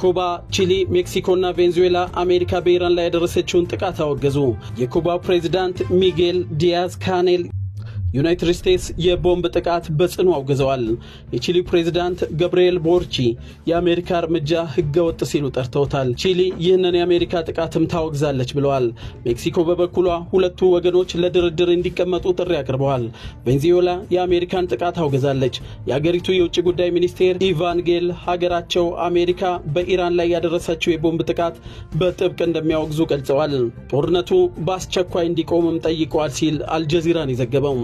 ኩባ፣ ቺሊ፣ ሜክሲኮና ቬንዙዌላ አሜሪካ በኢራን ላይ ያደረሰችውን ጥቃት አወገዙ። የኩባ ፕሬዚዳንት ሚጌል ዲያዝ ካኔል ዩናይትድ ስቴትስ የቦምብ ጥቃት በጽኑ አውግዘዋል። የቺሊ ፕሬዚዳንት ገብርኤል ቦርቺ የአሜሪካ እርምጃ ህገወጥ ሲሉ ጠርተውታል። ቺሊ ይህንን የአሜሪካ ጥቃትም ታወግዛለች ብለዋል። ሜክሲኮ በበኩሏ ሁለቱ ወገኖች ለድርድር እንዲቀመጡ ጥሪ አቅርበዋል። ቬንዙዌላ የአሜሪካን ጥቃት አውግዛለች። የአገሪቱ የውጭ ጉዳይ ሚኒስቴር ኢቫንጌል ሀገራቸው አሜሪካ በኢራን ላይ ያደረሰችው የቦምብ ጥቃት በጥብቅ እንደሚያወግዙ ገልጸዋል። ጦርነቱ በአስቸኳይ እንዲቆምም ጠይቀዋል ሲል አልጀዚራን የዘገበው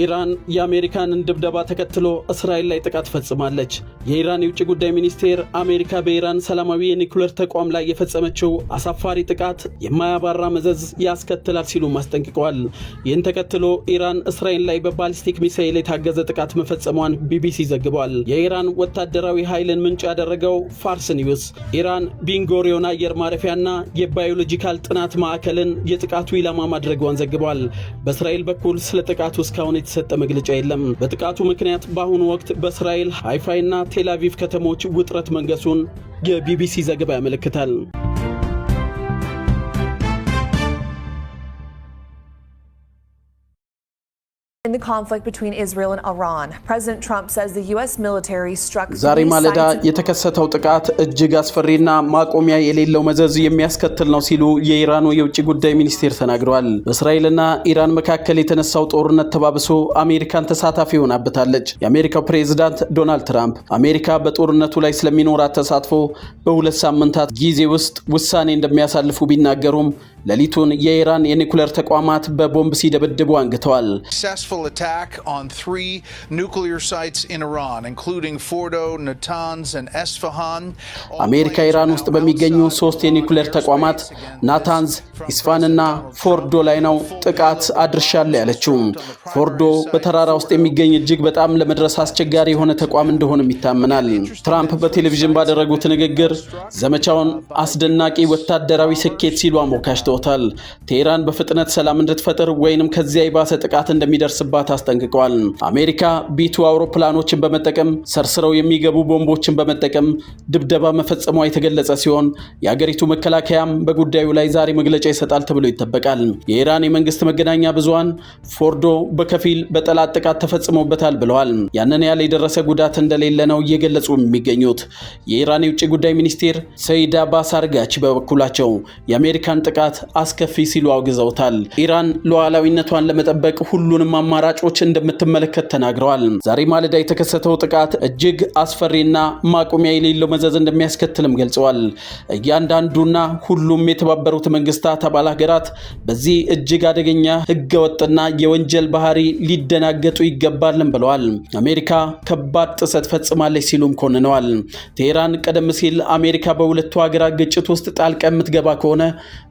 ኢራን የአሜሪካንን ድብደባ ተከትሎ እስራኤል ላይ ጥቃት ፈጽማለች። የኢራን የውጭ ጉዳይ ሚኒስቴር አሜሪካ በኢራን ሰላማዊ የኒኩሌር ተቋም ላይ የፈጸመችው አሳፋሪ ጥቃት የማያባራ መዘዝ ያስከትላል ሲሉ አስጠንቅቀዋል። ይህን ተከትሎ ኢራን እስራኤል ላይ በባሊስቲክ ሚሳይል የታገዘ ጥቃት መፈጸሟን ቢቢሲ ዘግቧል። የኢራን ወታደራዊ ኃይልን ምንጭ ያደረገው ፋርስ ኒውስ ኢራን ቢንጎሪዮን አየር ማረፊያና የባዮሎጂካል ጥናት ማዕከልን የጥቃቱ ኢላማ ማድረጓን ዘግቧል። በእስራኤል በኩል ስለ ጥቃቱ እስካሁን የተሰጠ መግለጫ የለም። በጥቃቱ ምክንያት በአሁኑ ወቅት በእስራኤል ሃይፋይና ቴል ከተሞች ውጥረት መንገሱን የቢቢሲ ዘገባ ያመለክታል። ዛሬ ማለዳ የተከሰተው ጥቃት እጅግ አስፈሪና ማቆሚያ የሌለው መዘዝ የሚያስከትል ነው ሲሉ የኢራኑ የውጭ ጉዳይ ሚኒስቴር ተናግረዋል። በእስራኤልና ኢራን መካከል የተነሳው ጦርነት ተባብሶ አሜሪካን ተሳታፊ ሆናበታለች። የአሜሪካው ፕሬዝዳንት ዶናልድ ትራምፕ አሜሪካ በጦርነቱ ላይ ስለሚኖራት ተሳትፎ በሁለት ሳምንታት ጊዜ ውስጥ ውሳኔ እንደሚያሳልፉ ቢናገሩም ሌሊቱን የኢራን የኒኩሌር ተቋማት በቦምብ ሲደበድቡ አንግተዋል። አሜሪካ ኢራን ውስጥ በሚገኙ ሶስት የኒኩሌር ተቋማት ናታንዝ፣ ኢስፋንና ፎርዶ ላይ ነው ጥቃት አድርሻለ ያለችው። ፎርዶ በተራራ ውስጥ የሚገኝ እጅግ በጣም ለመድረስ አስቸጋሪ የሆነ ተቋም እንደሆነም ይታመናል። ትራምፕ በቴሌቪዥን ባደረጉት ንግግር ዘመቻውን አስደናቂ ወታደራዊ ስኬት ሲሉ አሞካሽተዋል። ብለውታል። ቴህራን በፍጥነት ሰላም እንድትፈጥር ወይንም ከዚያ የባሰ ጥቃት እንደሚደርስባት አስጠንቅቀዋል። አሜሪካ ቢቱ አውሮፕላኖችን በመጠቀም ሰርስረው የሚገቡ ቦምቦችን በመጠቀም ድብደባ መፈጸሟ የተገለጸ ሲሆን የአገሪቱ መከላከያም በጉዳዩ ላይ ዛሬ መግለጫ ይሰጣል ተብሎ ይጠበቃል። የኢራን የመንግስት መገናኛ ብዙሃን ፎርዶ በከፊል በጠላት ጥቃት ተፈጽሞበታል ብለዋል። ያንን ያህል የደረሰ ጉዳት እንደሌለ ነው እየገለጹ የሚገኙት። የኢራን የውጭ ጉዳይ ሚኒስቴር ሰይድ አባስ አርጋች በበኩላቸው የአሜሪካን ጥቃት አስከፊ ሲሉ አውግዘውታል። ኢራን ሉዓላዊነቷን ለመጠበቅ ሁሉንም አማራጮች እንደምትመለከት ተናግረዋል። ዛሬ ማለዳ የተከሰተው ጥቃት እጅግ አስፈሪና ማቆሚያ የሌለው መዘዝ እንደሚያስከትልም ገልጸዋል። እያንዳንዱና ሁሉም የተባበሩት መንግስታት አባል ሀገራት በዚህ እጅግ አደገኛ ህገወጥና የወንጀል ባህሪ ሊደናገጡ ይገባልን ብለዋል። አሜሪካ ከባድ ጥሰት ፈጽማለች ሲሉም ኮንነዋል። ቴሄራን ቀደም ሲል አሜሪካ በሁለቱ ሀገራት ግጭት ውስጥ ጣልቃ የምትገባ ከሆነ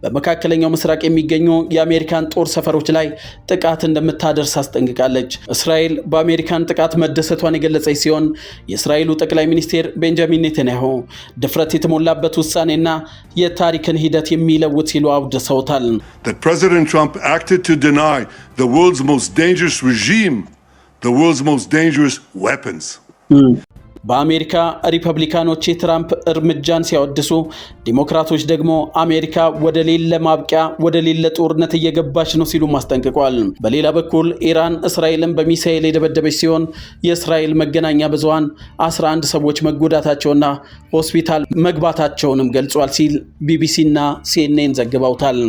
በመካ በመካከለኛው ምስራቅ የሚገኙ የአሜሪካን ጦር ሰፈሮች ላይ ጥቃት እንደምታደርስ አስጠንቅቃለች። እስራኤል በአሜሪካን ጥቃት መደሰቷን የገለጸች ሲሆን የእስራኤሉ ጠቅላይ ሚኒስቴር ቤንጃሚን ኔታንያሁ ድፍረት የተሞላበት ውሳኔና የታሪክን ሂደት የሚለውጥ ሲሉ አውድሰውታል። ፕሬዚደንት ትራምፕ acted to deny በአሜሪካ ሪፐብሊካኖች የትራምፕ እርምጃን ሲያወድሱ፣ ዲሞክራቶች ደግሞ አሜሪካ ወደ ሌለ ማብቂያ ወደ ሌለ ጦርነት እየገባች ነው ሲሉም አስጠንቅቋል። በሌላ በኩል ኢራን እስራኤልን በሚሳኤል የደበደበች ሲሆን የእስራኤል መገናኛ ብዙሃን 11 ሰዎች መጎዳታቸውና ሆስፒታል መግባታቸውንም ገልጿል ሲል ቢቢሲና ሲኤንኤን ዘግበውታል።